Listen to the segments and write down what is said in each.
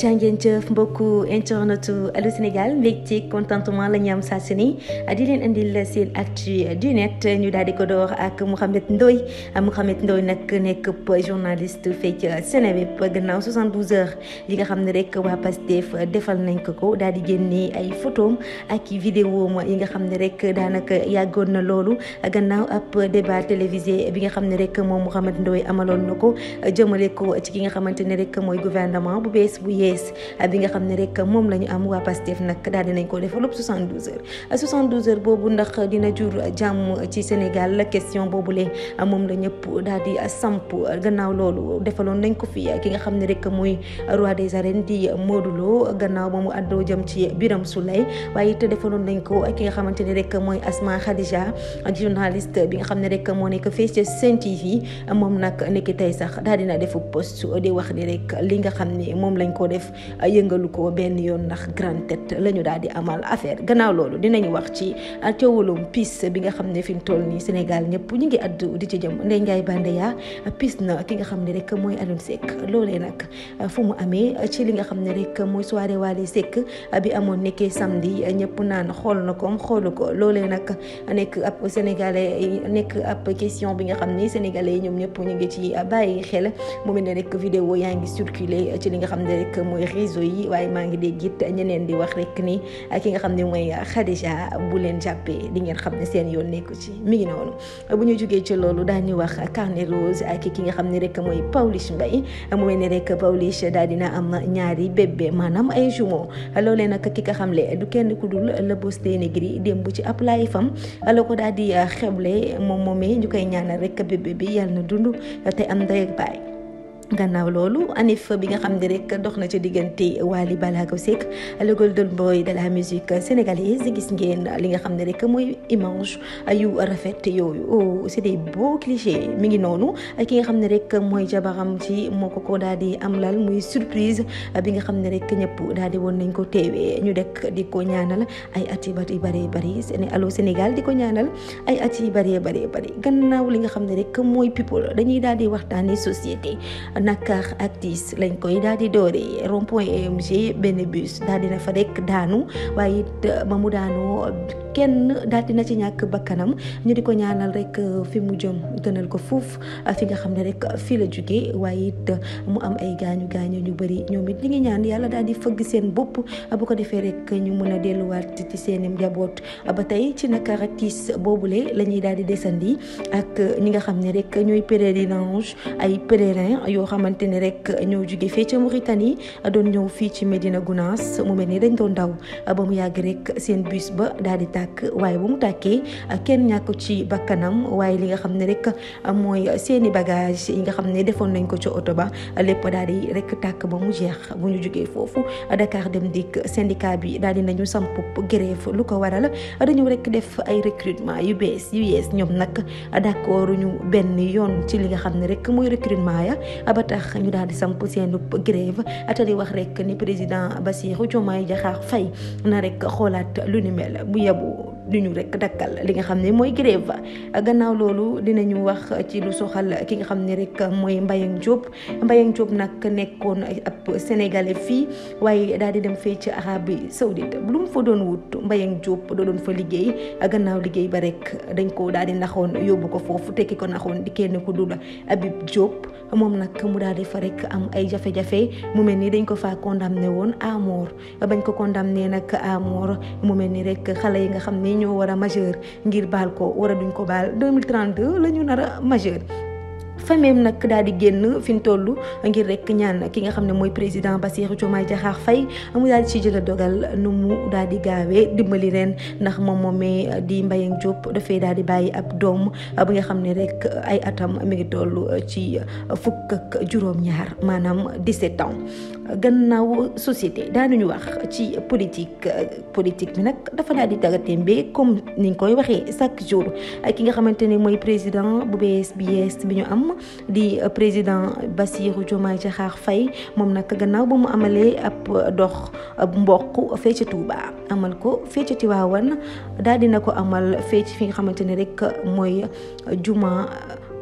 jaa ngeen jëf mbokku internetu Allô Sénégal ci contentement la ñu am saa su ne di leen indil seen actu du net ñu daal di ko door ak Mouhamed Ndoye Mouhamed Ndoye nag nekk journaliste fekk Seneweb gannaaw 72 heures li nga xam ne rek waa Pastef defal nañ ko ko daal di génne ay photos ak i vidéo yi nga xam ne rek daanaka yàggoon na loolu gannaaw ab débat télévisé bi nga xam ne rek moom Mouhamed Ndoye amaloon na ko jëmale ko ci ki nga xamante ne rek mooy gouvernement bu bees xaalis bu yees bi nga xam ne rek moom la am waa Pastef nag daal dinañ ko defal lépp boobu ndax dina jur jàmm ci Sénégal la question boobule moom la ñëpp daal di samp gannaaw loolu defaloon nañ ko fi ki nga xam ne rek mooy roi des arènes di Lo gannaaw ba mu àddoo jëm ci Biram Souley waaye it defaloon nañ ko ki nga xamante bi nga xam ne rek moo nekk fii ci Sen TV moom nag nekk tey sax daal dina defu post di wax ni rek li nga xam ne moom lañ ko def yëngalu ko benn yoon ndax grande tête la ñu daal di amal affaire gannaaw loolu dinañu wax ci a coowalum pis bi nga xam ne fi mu toll nii Sénégal ñëpp ñu ngi addu di ci jëm Ndeye Ndiaye Bandeya pis na ki nga xam ne rek mooy Alioune Seck loolee nag fu mu amee ci li nga xam ne rek mooy soirée Wally Seck bi amoon nekkee samedi ñëpp naan xool na ko xoolu ko loolee nag nekk ab sénégalais nekk ab question bi nga xam ne sénégalais yi ñoom ñëpp ñu ngi ci bàyyi xel mu mel rek vidéo yaa ngi circulé ci li nga xam xam ne rek mooy réseau yi waaye maa ngi dégg it ñeneen di wax rek ni ki nga xam ne mooy Khadija bu leen jàppee di ngeen xam ne seen yoon nekku ci mi ngi noonu bu ñu jógee ci loolu daañu wax carnet ak ki nga xam ne rek mooy Pawlish Mbaye mu mel ne rek Pawlish daal dina am ñaari bébé maanaam ay jumeaux loolee nag ki nga xam le du kenn ku dul le boss des négri démb ci ab laay fam la ko daal di xeble moom moomee ñu koy ñaanal rek bébé bi yal na dund te am ndey ak baay gannaaw loolu anif bi nga xam ne rek dox na ci diggante Wally Ballago Seck le golden boy de la musique sénégalaise gis ngeen li nga xam ne rek mooy image yu rafet yooyu oh c'est mi ngi noonu ki nga xam ne rek mooy jabaram ci moo ko ko daal am lal muy surprise bi nga xam ne rek ñëpp daal di woon nañ ko teewee ñu dekk di ko ñaanal ay at yu bari bari bari Allô Sénégal di ko ñaanal ay at yu bari bari bari gannaaw li nga xam ne rek mooy people dañuy daal di waxtaanee société. nakar ak tiis lañ koy daal di dooree rond point EMG benn bus daal dina fa rek daanu waaye it ba mu daanoo kenn daal dina ci ñàkk bakkanam ñu di ko ñaanal rek euh, fi mu jëm gënal ko fuuf euh, fi nga xam ne rek fii la jógee waaye it euh, mu am ay gaañu gaañu ñu bëri ñoom it ñu ngi ñaan yàlla daal di fëgg seen bopp bu ko defee rek ñu mën a delluwaat ci seen njaboot ba tey ci naka raktis boobule la ñuy daal di desandi ak ñi nga xam ne rek ñooy pèlerinage ay pèlerin yoo xamante ne rek ñoo jóge fee ca Mauritanie doon ñëw fii ci Médina Gounass mu mel ni dañ doon ndaw ba mu yàgg rek seen bus ba daal tàkk ñàkk waaye bu mu tàkkee kenn ñàkk ci bakkanam waaye li nga xam ne rek mooy seeni bagage yi nga xam ne defoon nañ ko ci oto ba lépp daal di rek tàkk ba mu jeex bu ñu jógee foofu Dakar dem dikk syndicat bi daal di nañu samp grève lu ko waral dañu rek def ay recrutement yu bees yu yees ñoom nag d'accord ñu benn yoon ci li nga xam ne rek mooy recrutement ya ba tax ñu daal di samp seenu grève te di wax rek ni président Bassirou Diomaye Diakhar Faye na rek xoolaat lu ni mel bu yebu duñu rek dakkal li nga xam ne mooy grève gannaaw loolu dina ñu wax ci lu soxal ki nga xam ne rek mooy Mbayang jóob Mbayang jóob nag nekkoon ab sénégalais fii waaye daal di dem fee ci Arabie Saoudite lu mu fa doon wut Mbayang jóob doo fa liggéey gannaaw liggéey ba rek dañ ko daal di naxoon yóbbu ko foofu tekki ko naxoon di kenn ku dul Habib Diop moom nag mu daal di fa rek am ay jafe-jafe mu mel ni dañ ko faa condamné woon à bañ ko condamné nag à mu mel ni rek xale yi ñoo war a majeur ngir baal ko war a duñ ko baal 2032 la ñu nar a majeur famille nag daal di génn fi ñu toll ngir rek ñaan ki nga xam ne mooy président ba Bassirou Diomaye Diakhar Faye mu daal di ci jël dogal nu mu daal di gaawee dimbali leen ndax moom moomee di Mbayang Diop dafay daal di bàyyi ab doom bi nga xam ne rek ay atam mi ngi toll ci fukk ak juróom-ñaar maanaam 17 ans gannaaw société daanuñu wax ci politique politique bi nag dafa daal di tàggatémbe comme niñ koy waxee chaque jour ak ki nga xamante ne mooy président bu bees bi bi ñu am di euh, président Bassirou Diomaye Diakhar fay moom nag gannaaw ba mu amalee ab dox ab mboq fee ca Touba amal ko fee ca Tiwaawan daal dina ko amal fee ci fi nga xamante ne rek mooy juma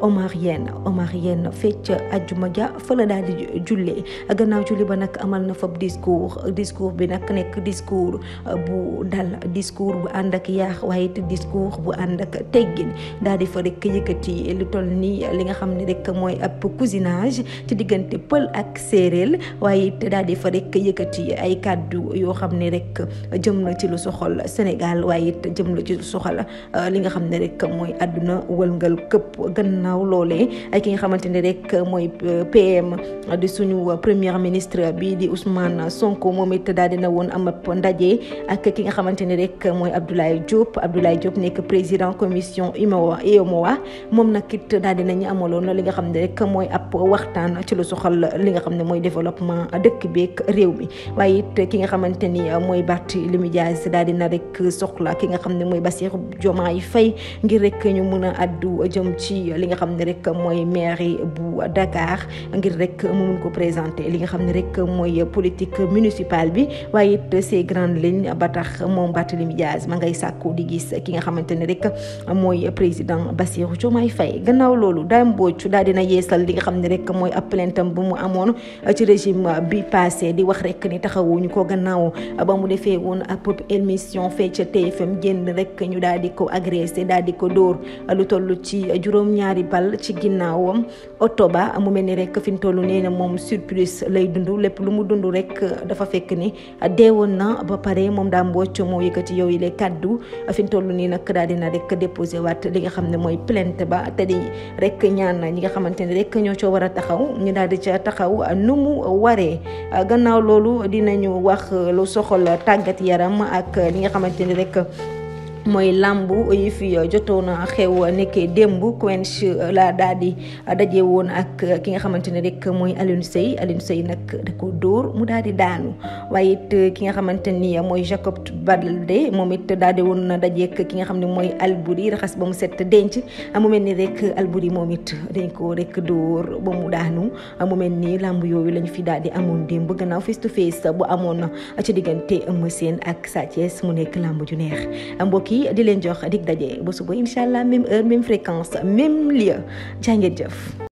omarienne omarienne fecc ajjuma ja fa la daal di jullee gannaaw julli ba nag amal na fab discours discours bi nag nekk discours bu dal discours bu ànd ak yax waaye it discours bu ànd ak teggin daal di fa rek yëkkati lu toll nii li nga xam ne rek mooy ab cousinage ci diggante pël ak séeréel waaye it daal di fa rek yëkkati ay kàddu yoo xam ne rek jëm na ci lu soxal Sénégal waaye it jëm la ci lu soxal euh, li nga xam ne rek mooy àdduna wëlngal këpp gannaaw gannaaw loolee ki nga xamante ni rek mooy euh, PM di suñu premier ministre bi di Ousmane Sonko moom it daal dina woon am ab ndaje ak ki nga xamante ni rek mooy Abdoulaye Diop Abdoulaye Diop nekk président commission UEMOA moom nag it daal dinañu amaloon li nga xam ne rek mooy ab waxtaan ci lu soxal li nga xam ne mooy développement dëkk beeg réew mi waaye it ki nga xamante ni mooy Barthélémy Dias daal dina rek soxla ki nga xam ne mooy Bassirou Diomaye Faye ngir rek ñu mën xam ne rek mooy mairie bu Dakar ngir rek moo mun ko présenter li nga xam ne rek mooy politique municipal bi waaye it ces grandes lignes ba tax moom Barthélémy Dias ma ngay sàkku di gis ki nga xamante ne rek mooy président Bassirou Diomaye Faye gannaaw loolu Dame Mbodj daal dina yeesal li nga xam ne rek mooy ab plaintam bu mu amoon ci régime bi passé di wax rek ni taxawuñu ko gannaaw ba mu defee woon ab émission fee ca TFM génn rek ñu daal di ko agressé daal di ko dóor lu toll ci juróom-ñaari bal ci ginnaawam oto ba mu mel ni rek fi mu toll nee na moom surprise lay dund lépp lu mu dund rek dafa fekk ni deewoon na ba pare moom daa mbocc moo yëkkati yow yi lay kàddu fi mu toll nii nag daal dina rek déposé waat li nga xam ne mooy plainte ba te di rek ñaan ñi nga xamante ne rek ñoo ca war a taxaw ñu daal di ca taxaw nu mu waree gannaaw loolu dina dinañu wax lu soxol tàggat yaram ak li nga xamante ni rek mooy làmb yi fi jotoon xew a nekkee démb Quench la daal di daje woon ak ki nga xamante ne rek mooy Alioune Seye Alioune Seye nag da dóor mu daal di daanu waaye it ki nga xamante ni mooy Jacob Baldé moom it daal di woon dajeek ki nga xam ne mooy Albouri raxas ba mu set denc mu ni rek Albouri moom it dañ ko rek dóor ba mu daanu mu mel ni làmb yooyu lañ fi daal di amoon démb gannaaw face to face bu amoon ci diggante Eumeu Sène ak Sa mu nekk làmb ju neex mbokk yi gi di leen jox dig daje ba suba incha allah même heure même fréquence même lieu jaa ngeen jëf.